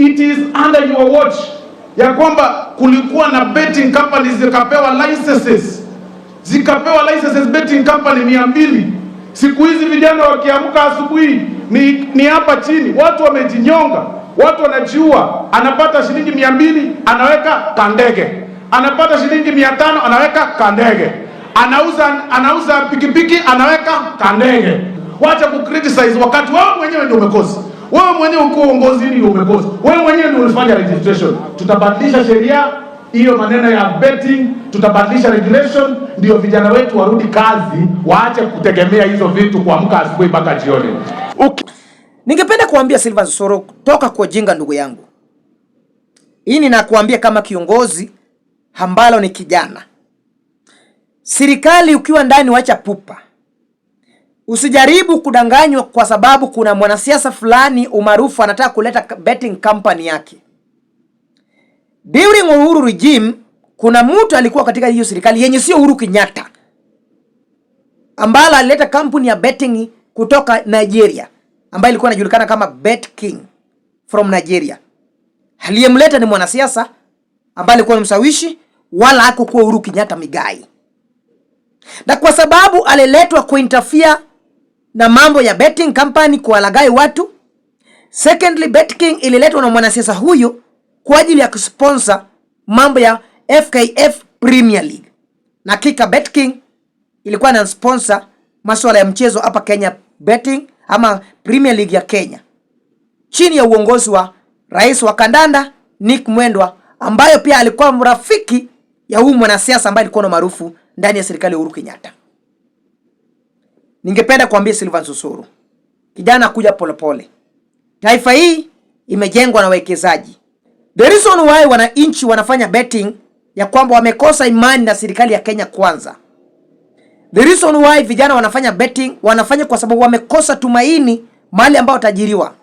it is under your watch ya kwamba kulikuwa na betting companies zikapewa licenses zikapewa licenses betting company mia mbili. Siku hizi vijana wakiamka asubuhi ni, ni hapa chini, watu wamejinyonga, watu wanajiua. Anapata shilingi mia mbili anaweka kandege, anapata shilingi mia tano anaweka kandege, anauza anauza pikipiki anaweka kandege. Wacha kucriticize wakati wao mwenyewe ndio umekosa wewe mwenyewe uko uongozi hili umekosa. Wewe mwenyewe ndio ulifanya registration. Tutabadilisha sheria hiyo, maneno ya betting, tutabadilisha regulation ndio vijana wetu warudi kazi, waache kutegemea hizo vitu kuamka asubuhi mpaka jioni. Okay. Ningependa kuambia Silva Soro, toka kwa jinga ndugu yangu. Hii ninakuambia kama kiongozi ambalo ni kijana. Serikali ukiwa ndani wacha pupa. Usijaribu kudanganywa kwa sababu kuna mwanasiasa fulani umaarufu anataka kuleta betting company yake. During Uhuru regime kuna mtu alikuwa katika hiyo serikali yenye sio Uhuru Kenyatta, ambala alileta kampuni ya betting kutoka Nigeria ambayo ilikuwa inajulikana kama Bet King from Nigeria. Aliyemleta ni mwanasiasa ambaye alikuwa msawishi, wala hakukuwa Uhuru Kenyatta migai, na kwa sababu aliletwa kuinterfere na mambo ya betting company kuwalagai watu. Secondly, BetKing ililetwa na mwanasiasa huyu kwa ajili ya kusponsor mambo ya FKF Premier League. Na kika BetKing ilikuwa na sponsor masuala ya mchezo hapa Kenya betting ama Premier League ya Kenya chini ya uongozi wa rais wa kandanda Nick Mwendwa, ambayo pia alikuwa mrafiki ya huyu mwanasiasa ambaye alikuwa na maarufu ndani ya serikali ya Uhuru Kenyatta. Ningependa kuambia Silvan Susuru, kijana kuja polepole. Taifa hii imejengwa na wawekezaji. The reason why wananchi wanafanya betting ya kwamba wamekosa imani na serikali ya Kenya Kwanza. The reason why vijana wanafanya betting, wanafanya kwa sababu wamekosa tumaini mahali ambao watajiriwa.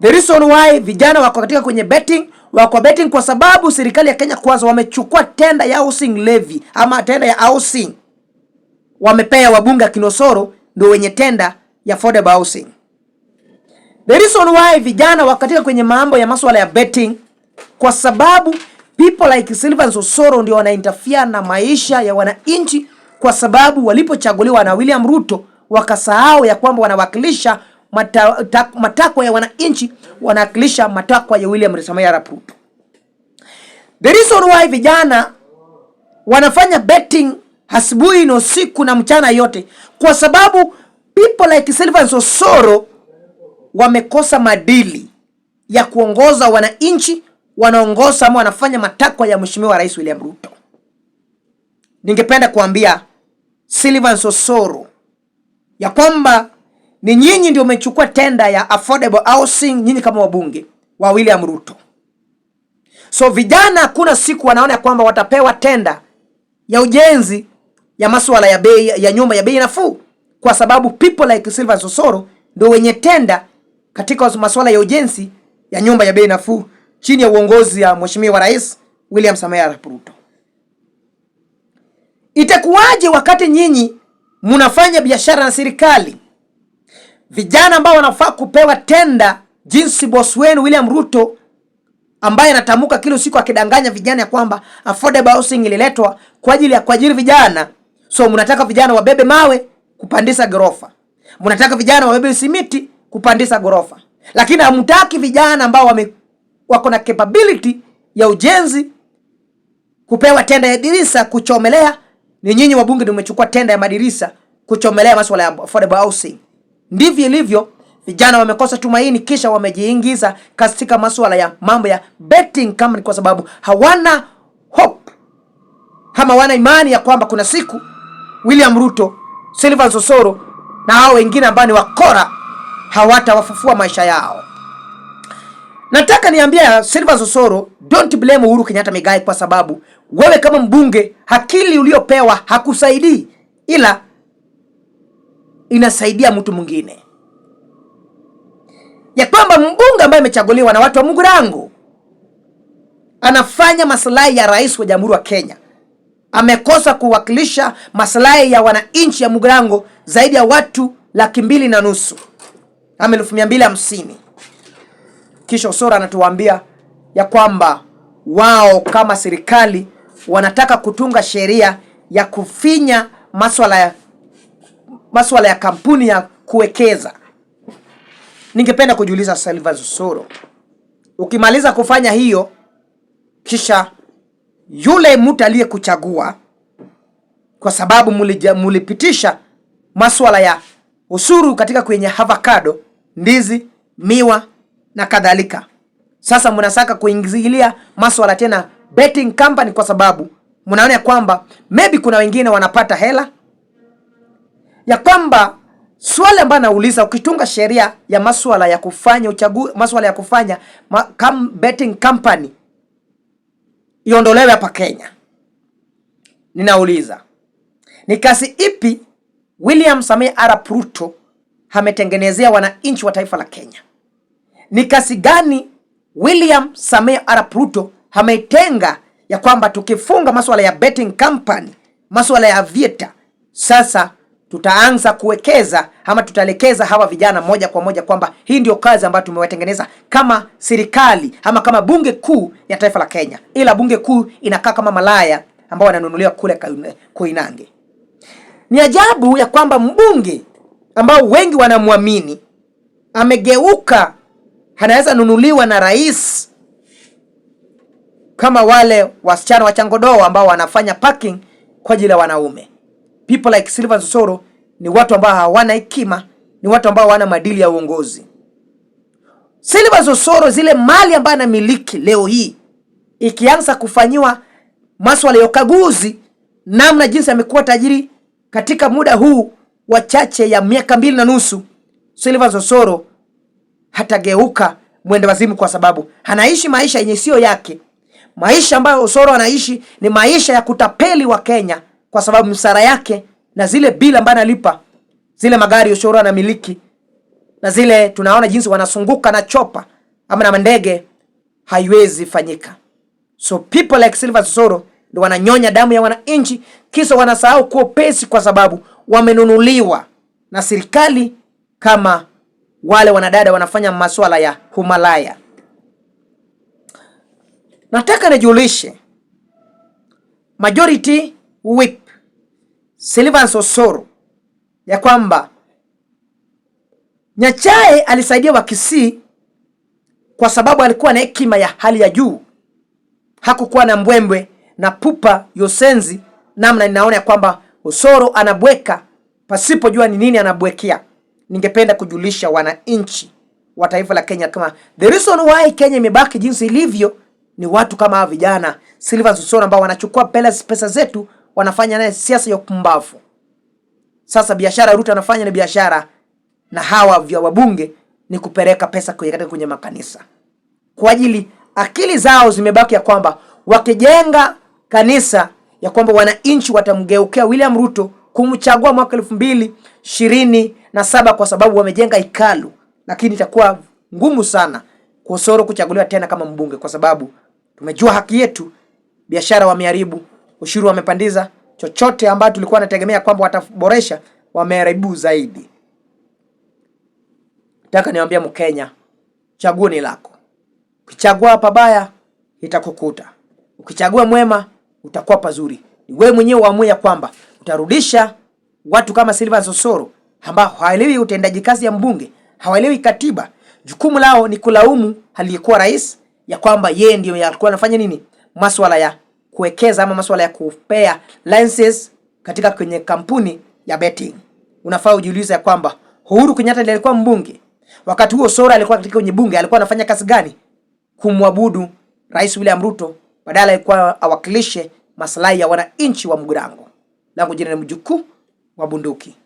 The reason why vijana wako katika kwenye betting, wako betting kwa sababu serikali ya Kenya Kwanza wamechukua tenda ya housing levy ama tenda ya housing wamepea wabunge Kinosoro ndio wenye tenda ya affordable housing. The reason why vijana wakatika kwenye mambo ya masuala ya betting kwa sababu people like Silvanus Osoro ndio wanainterfere na maisha ya wananchi, kwa sababu walipochaguliwa na William Ruto wakasahau ya kwamba wanawakilisha matakwa ya wananchi, wanawakilisha matakwa ya William Samoei Arap Ruto. The reason why vijana wanafanya betting asubuhi na usiku na mchana yote, kwa sababu people like Silvanus Sosoro wamekosa madili ya kuongoza wananchi, wanaongoza ama wanafanya matakwa ya mheshimiwa Rais William Ruto. Ningependa kuambia Silvanus sosoro ya kwamba ni nyinyi ndio mmechukua tenda ya affordable housing, nyinyi kama wabunge wa William Ruto. So vijana hakuna siku wanaona kwamba watapewa tenda ya ujenzi ya masuala ya bei ya nyumba ya bei nafuu, kwa sababu people like Silver Sosoro ndio wenye tenda katika masuala ya ujenzi ya nyumba ya bei nafuu chini ya uongozi ya Mheshimiwa Rais William Samoei Arap Ruto. Itakuwaje wakati nyinyi mnafanya biashara na serikali? Vijana ambao wanafaa kupewa tenda, jinsi boss wenu William Ruto ambaye anatamuka kila siku akidanganya vijana ya kwamba affordable housing ililetwa kwa ajili ya kuajiri vijana. So mnataka vijana wabebe mawe kupandisha gorofa, mnataka vijana wabebe simiti kupandisha gorofa, lakini hamtaki vijana ambao wame, wako na capability ya ujenzi kupewa tenda ya dirisa kuchomelea. Ni nyinyi wabunge ndio mmechukua tenda ya madirisa kuchomelea masuala ya affordable housing. Ndivyo ilivyo. Vijana wamekosa tumaini, kisha wamejiingiza katika masuala ya mambo ya betting kama ni kwa sababu hawana hope, hawana imani ya kwamba kuna siku William Ruto, Silva Osoro na hao wengine ambao ni wakora hawatawafufua maisha yao. Nataka niambia Silva Osoro, don't blame Uhuru Kenyatta Migai, kwa sababu wewe kama mbunge akili uliopewa hakusaidii, ila inasaidia mtu mwingine, ya kwamba mbunge ambaye amechaguliwa na watu wa Mungu rangu anafanya maslahi ya rais wa jamhuri wa Kenya amekosa kuwakilisha maslahi ya wananchi ya mugrango zaidi ya watu laki mbili na nusu ama elfu mia mbili hamsini. Kisha Osora anatuambia ya kwamba wao kama serikali wanataka kutunga sheria ya kufinya maswala ya, maswala ya kampuni ya kuwekeza. Ningependa kujiuliza Silvanus Osoro, ukimaliza kufanya hiyo kisha yule mtu aliyekuchagua, kwa sababu mulipitisha masuala ya ushuru katika kwenye avocado, ndizi, miwa na kadhalika. Sasa mnasaka kuingilia masuala tena betting company, kwa sababu mnaona kwamba maybe kuna wengine wanapata hela ya kwamba swali ambayo nauliza, ukitunga sheria ya masuala ya kufanya uchaguzi, masuala ya kufanya ma, kam, betting company iondolewe hapa Kenya. Ninauliza, ni kazi ipi William Samia Arap Ruto ametengenezea wananchi wa taifa la Kenya? Ni kazi gani William Samia Arap Ruto ameitenga ya kwamba tukifunga masuala ya betting company, masuala ya vieta sasa tutaanza kuwekeza ama tutaelekeza hawa vijana moja kwa moja kwamba hii ndio kazi ambayo tumewatengeneza kama serikali ama kama bunge kuu ya taifa la Kenya, ila bunge kuu inakaa kama malaya ambao wananunuliwa kule Koinange. Ni ajabu ya kwamba mbunge ambao wengi wanamwamini amegeuka, anaweza nunuliwa na rais, kama wale wasichana wa changodoa ambao wanafanya parking kwa ajili ya wanaume people like Silver Sosoro ni watu ambao hawana hekima, ni watu ambao hawana maadili ya uongozi. Silver Sosoro, zile mali ambayo anamiliki leo hii, ikianza kufanyiwa maswala ya ukaguzi, namna jinsi amekuwa tajiri katika muda huu wa chache ya miaka mbili na nusu, Silver Sosoro hatageuka mwenda wazimu, kwa sababu anaishi maisha yenye sio yake. Maisha ambayo Osoro anaishi ni maisha ya kutapeli wa Kenya kwa sababu msara yake na zile bila ambaye analipa zile magari ushuru anamiliki na zile tunaona jinsi wanasunguka na chopa ama na mandege, haiwezi fanyika. So people like Silver Sissouro ndo wananyonya damu ya wananchi, kisa wanasahau kuwa pesi, kwa sababu wamenunuliwa na serikali kama wale wanadada wanafanya masuala ya humalaya. Nataka nijulishe majority whip Silvans Sosoro ya kwamba Nyachae alisaidia Wakisii kwa sababu alikuwa na hekima ya hali ya juu, hakukuwa na mbwembwe na pupa yosenzi namna ninaona ya kwamba Osoro anabweka pasipojua ni nini anabwekea. Ningependa kujulisha wananchi wa taifa la Kenya kama the reason why Kenya imebaki jinsi ilivyo ni watu kama vijana Silvans Sosoro ambao wanachukua pesa zetu wanafanya naye siasa ya upumbavu. Sasa biashara Ruto anafanya ni biashara na hawa vya wabunge ni kupeleka pesa katika kwenye makanisa kwa ajili akili zao zimebaki ya kwamba wakijenga kanisa ya kwamba wananchi watamgeukea William Ruto kumchagua mwaka elfu mbili ishirini na saba kwa sababu wamejenga ikalu, lakini itakuwa ngumu sana kusoro kuchaguliwa tena kama mbunge kwa sababu tumejua haki yetu. Biashara wameharibu ushuru wamepandiza, chochote ambacho tulikuwa tunategemea kwamba wataboresha wameharibu zaidi. Nataka niwaambia Mkenya, chaguo ni lako. Ukichagua pabaya itakukuta, ukichagua mwema utakuwa pazuri. Ni wewe mwenyewe uamue ya kwamba utarudisha watu kama Silvanus Osoro ambao hawaelewi utendaji kazi ya mbunge, hawaelewi katiba. Jukumu lao ni kulaumu aliyekuwa rais ya kwamba yeye ndio alikuwa anafanya nini masuala ya kuwekeza ama masuala ya kupea lenses katika kwenye kampuni ya betting. Unafaa ujiulize kwamba Uhuru Kenyatta alikuwa mbunge wakati huo, Sora alikuwa katika kwenye bunge, alikuwa anafanya kazi gani? Kumwabudu Rais William Ruto, badala alikuwa awakilishe maslahi ya wananchi wa Mgurango. Langu jina ni Mjukuu wa Bunduki.